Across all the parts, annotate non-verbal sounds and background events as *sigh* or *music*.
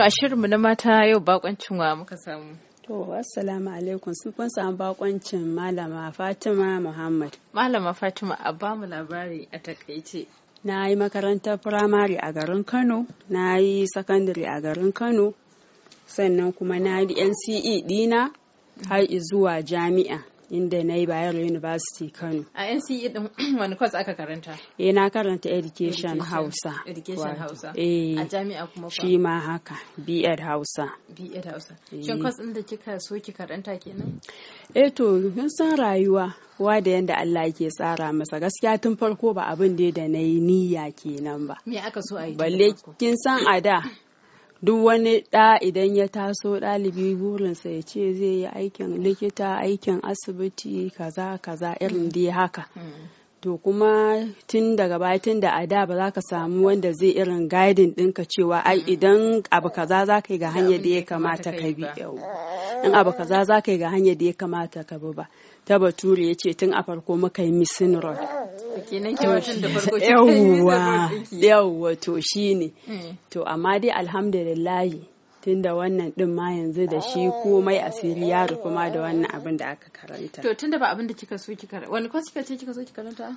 To a shirinmu na mata yau bakoncin wa muka samu. To assalamu alaikum sun kun samu bakoncin malama Fatima Muhammad. Malama Fatima a ba mu labari a takaice. Na yi makarantar firamare a garin Kano, na yi sakandare a garin Kano, sannan kuma na yi NCE dina har zuwa jami'a. inda na yi Bayero University Kano. A NCE din *clears throat* wani kwas aka karanta? Eh na karanta Education Hausa. Education Hausa. Eh. A jami'a kuma fa? Shi ma haka B.Ed Hausa. B.Ed Hausa. Eh. Shin kwas din da kika so ki karanta kenan? Eh to mun san rayuwa wa da yanda Allah yake tsara masa gaskiya tun farko ba abin da na yi niyya kenan ba. Me aka so a yi? Balle kin san a da duk wani ɗa idan ya taso ɗalibi burinsa ya ce zai yi aikin likita aikin asibiti kaza kaza irin mm. dai haka mm. to kuma tun daga da a da ba za ka samu wanda zai irin gaidin ɗinka cewa ai mm. idan abu kaza za ka yi ga hanyar da ya kamata ka bi in abu kaza za ka yi ga hanyar da ya kamata ka bi ba ta bature ya ce tun a farko muka yi missing road kenan ke *laughs* watan da farko yawwa yawwa to ne. Hmm. to amma dai alhamdulillahi tunda wannan din ma yanzu da shi ah. komai asiri ya rufu ma da wannan abin da aka karanta to tunda ba abin da kika so kika wani kwas kika ce kika so kika karanta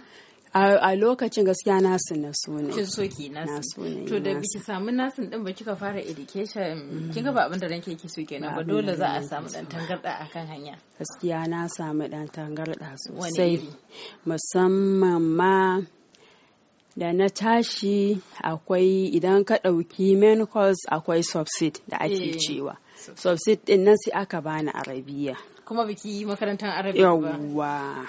a lokacin gaskiya nasin na so ne kin so ki nasin to da biki samu nasin din ba kika fara education mm. kin ga ba abin da ranke yake so kenan ba dole za a samu dan tangarda akan hanya gaskiya na samu dan tangarda sosai musamman ma da na tashi akwai idan ka dauki main course akwai subsid da ake eh, cewa subsid din nan sai aka bani arabiya kuma biki makarantar arabiya ba yawwa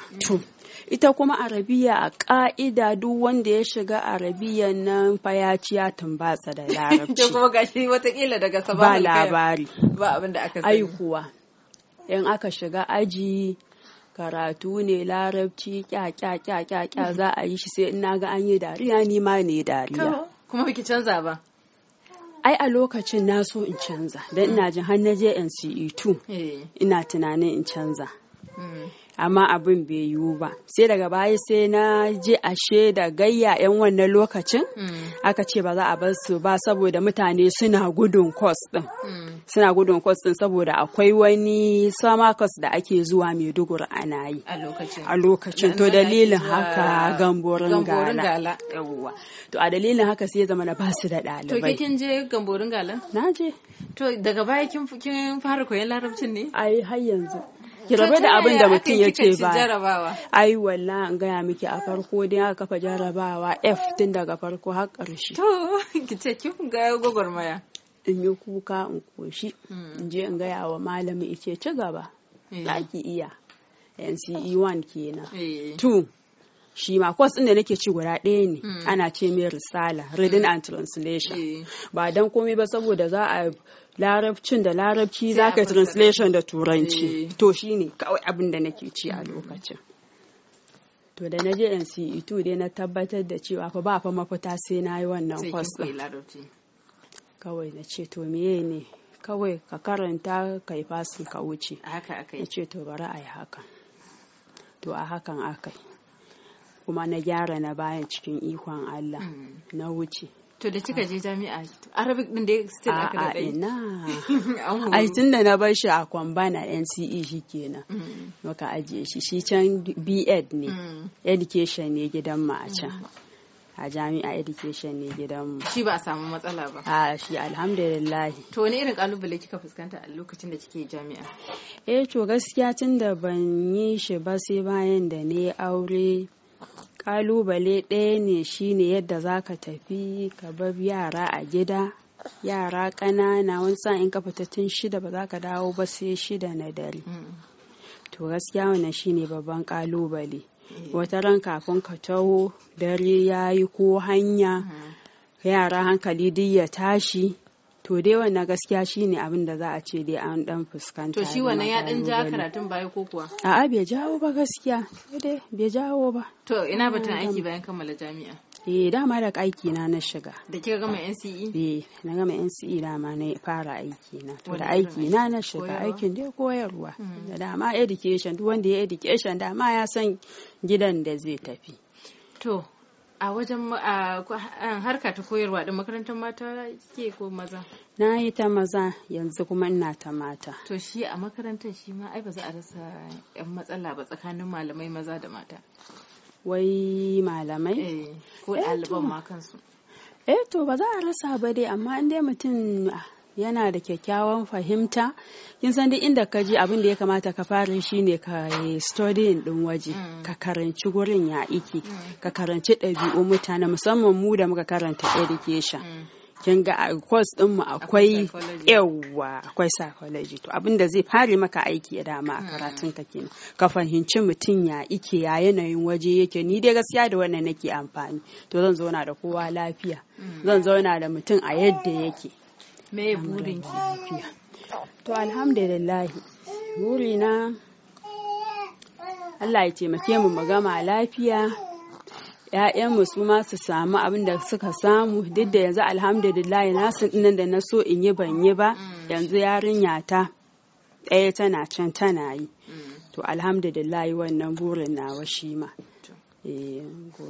ita kuma arabiya a ka'ida duk wanda ya shiga arabiya nan fa ya ci tumbatsa da *laughs* larabci kuma gashi watakila daga sabon ba labari ba abin da aka sani aikuwa in aka shiga aji karatu ne larabci kya kya kya kya kya mm-hmm. za a yi shi sai in naga an yi dariya ni ma ne dariya kuma biki canza ba ai a lokacin na so in canza don ina mm. jin har na je NCE2 eh. ina tunanin in canza mm. amma abin bai yiwu ba sai daga baya sai na je ashe da gayya yan wannan lokacin mm. aka ce ba za a bar su ba saboda mutane suna gudun kwas din mm. suna gudun kwas din saboda akwai wani sama kwas da ake zuwa maiduguri ana yi a lokacin to dalilin haka gamborin gala yawuwa to a dalilin haka sai zama na ba su da ɗalibai to kin je gamborin gala na je to daga baya kin fara koyon larabcin ne ai har yanzu ki rabu da abin da mutum ya ce ba ai wallah an gaya miki a farko dai aka kafa jarabawa f tun daga farko har ƙarshe to *laughs* ki ce kin ga maya in yi kuka in koshi hmm. in je in gaya wa malami ice ci gaba eh. za ki iya nce 1 kenan 2 eh. shi ma kwas ɗin da nake ci guda ɗaya ne hmm. ana ce mai risala reading and translation hmm. ba dan komai ba saboda za a larabcin da larabci za ka translation da turanci eh. to shi ne kawai abin da nake ci a lokacin to da na je nce ito dai na tabbatar da cewa fa ba fa mafita sai na yi wannan kwas kawai na ce to meye ne kawai ka karanta ka yi fasin ka wuce na ce to bari a yi haka to a hakan aka yi kuma na gyara na bayan cikin ikon Allah hmm. na wuce to da kika je jami'a arabic din da still aka da dai na ai tun da na bar shi a kwambana NCE shikenan hmm. muka ajiye shi shi can B.Ed ne hmm. education ne gidan mu a can a jami'a education ne gidan mu. Shi ba a samu matsala ba. A shi alhamdulillahi. To wani irin kalubale kika fuskanta a lokacin da kike jami'a? Eh to gaskiya tun da ban yi shi ba sai bayan da ne aure kalubale ɗaya ne shine yadda za ka tafi ka bar yara a gida yara ƙanana wani in ka fita tun shida ba za ka dawo ba sai shida na dare to gaskiya wannan shine babban kalubale wata ran kafin ka taho dare ya yi ko hanya yara hankali duk ya tashi to dai wannan gaskiya shine abin da za a ce dai an dan fuskanta to shi wannan ya dan ja karatun baya ko kuwa a'a bai jawo ba gaskiya dai bai jawo ba to ina batun aiki bayan kammala jami'a eh dama da aiki na na shiga da kika gama NCE eh na gama NCE dama na fara aiki na to da aiki na na shiga aikin dai koyarwa hmm. da dama education duk wanda ya education dama ya san gidan da zai tafi to a wajen harka ta koyarwa din makarantar mata ke ko maza na yi ta maza yanzu kuma ina ta mata to shi a makarantar shi ma ai ba za a rasa yan matsala ba tsakanin malamai maza da mata wai malamai eh, ko ɗaliban eh, ma kansu eh to ba za a rasa ba dai amma in dai mutum ah, yana da kyakkyawan fahimta kin san duk inda ka je abin da ya kamata ka fara shi ne ka studying din waje mm. ka karanci gurin ya iki mm. ka karanci ɗabi'u mutane musamman mu da muka karanta education mm. kin ga a course din mu akwai yawa akwai psychology to abin da zai fare maka aiki ya dama a karatun ka kenan ka fahimci mutum ya ike ya yanayin waje yake ni dai gaskiya da wannan nake amfani to zan zauna da kowa lafiya zan zauna da mutum a yadda yake me burin ki lafiya to alhamdulillahi burina Allah ya taimake mu magama lafiya ‘ya'yanmu su ma su samu abin da suka samu duk da yanzu alhamdulillah na nan da na so in yi ban yi ba mm. yanzu yarinya ta ɗaya tana can tana yi mm. to alhamdulillah wannan burin wa shi ma eh,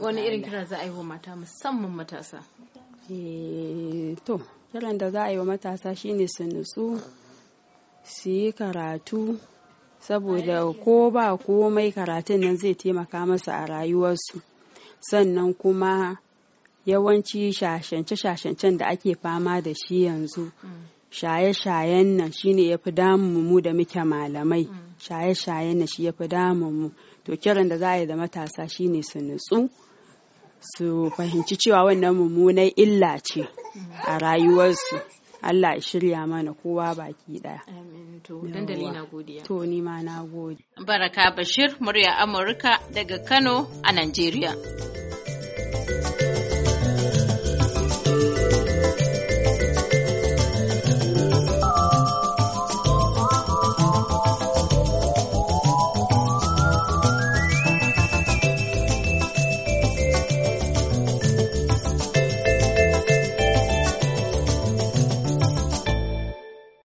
wani irin kira za a yi wa mata musamman matasa eh, to kiran da za a yi wa matasa shine su nutsu su yi karatu saboda ko ba komai karatun nan zai taimaka masu a rayuwarsu sannan kuma yawanci shashance-shashancen da ake fama da shi yanzu shaye-shayen nan shine ya fi damun mu da muke malamai shaye-shayen nan shi ya fi damun mu to kiran da za a yi da matasa shine su nutsu su fahimci cewa wannan mummunan illa ce a rayuwarsu Allah ya shirya mana kowa baki daya. To, ma na gode. Baraka Bashir, murya Amurka daga Kano a Najeriya.